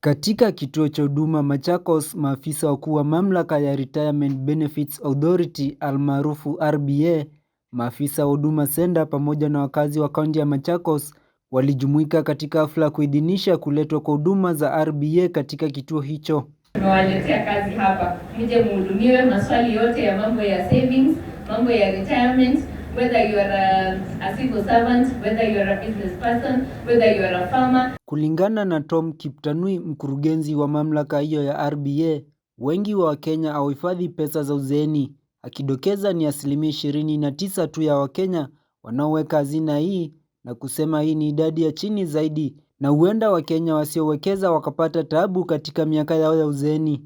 Katika kituo cha huduma Machakos, maafisa wakuu wa mamlaka ya Retirement Benefits Authority almaarufu RBA, maafisa wa huduma senda pamoja na wakazi wa kaunti ya Machakos walijumuika katika hafla kuidhinisha kuletwa kwa huduma za RBA katika kituo hicho. Tumewaletea kazi hapa, mje muhudumiwe maswali yote ya mambo ya savings, mambo ya retirement whether you are a, a civil servant, whether you are a business person, whether you are a farmer. Kulingana na Tom Kiptanui, mkurugenzi wa mamlaka hiyo ya RBA, wengi wa Wakenya hawahifadhi pesa za uzeeni, akidokeza ni asilimia ishirini na tisa tu ya Wakenya wanaoweka hazina hii na kusema hii ni idadi ya chini zaidi na huenda Wakenya wasiowekeza wakapata taabu katika miaka yao ya uzeeni.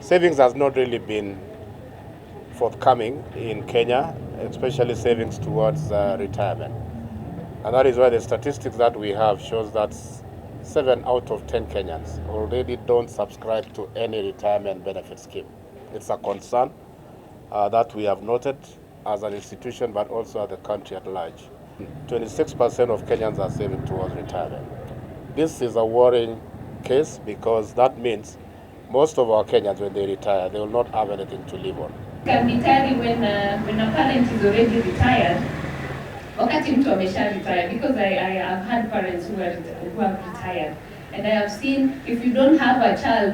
Savings has not really been forthcoming in Kenya, especially savings towards uh, retirement. And that is why the statistics that we have shows that 7 out of 10 Kenyans already don't subscribe to any retirement benefit scheme. It's a concern uh, that we have noted as an institution but also as the country at large. 26% of Kenyans are saving towards retirement. This is a worrying case because that means most of our Kenyans, when they retire, they will not have anything to live on. can be tiring when uh, when a parent is already retired, wakati mtu amesha retire because I, I have had parents who, are, who have retired and I have seen if you don't have a child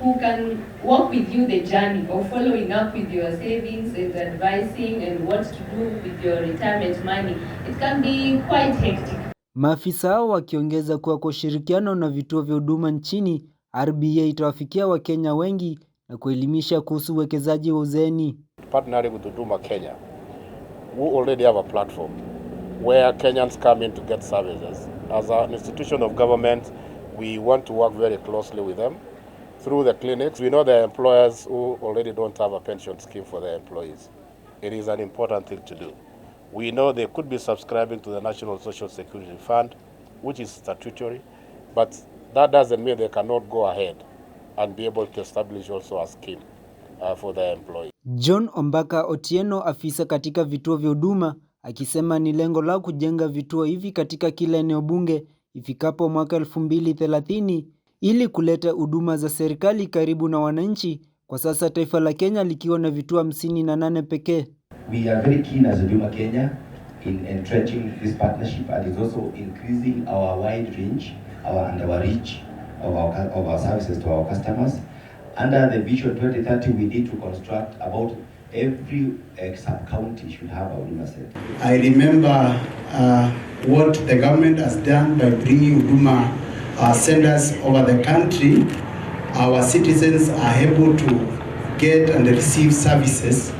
who can walk with you the journey of following up with your savings and advising and what to do with your retirement money, it can be quite hectic. Maafisa hao wakiongeza kuwa kwa ushirikiano na vituo vya huduma nchini, RBA itawafikia Wakenya wengi na kuelimisha kuhusu uwekezaji wa uzeni. Partnering with Huduma Kenya we already have a platform where Kenyans come in to get services. As an institution of government, we want to work very closely with them through the clinics. We know the employers who already don't have a pension scheme for their employees. It is an important thing to do. We know they could be subscribing to the National Social Security Fund, which is statutory, but that doesn't mean they cannot go ahead and be able to establish also a scheme uh, for the employee. John Ombaka Otieno, afisa katika vituo vya huduma, akisema ni lengo lao kujenga vituo hivi katika kila eneo bunge ifikapo mwaka 2030 ili kuleta huduma za serikali karibu na wananchi, kwa sasa taifa la Kenya likiwa na vituo hamsini nane pekee. We are very keen as Huduma Kenya in entrenching this partnership and is also increasing our wide range, our reach of our, of our services to our customers. Under the Vision 2030, we need to construct about every uh, sub-county should have a Huduma Center. I remember uh, what the government has done by bringing Huduma uh, centers over the country. Our citizens are able to get and receive services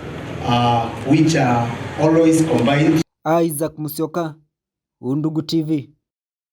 uh, which are always combined. Isaac Musyoka, Undugu TV.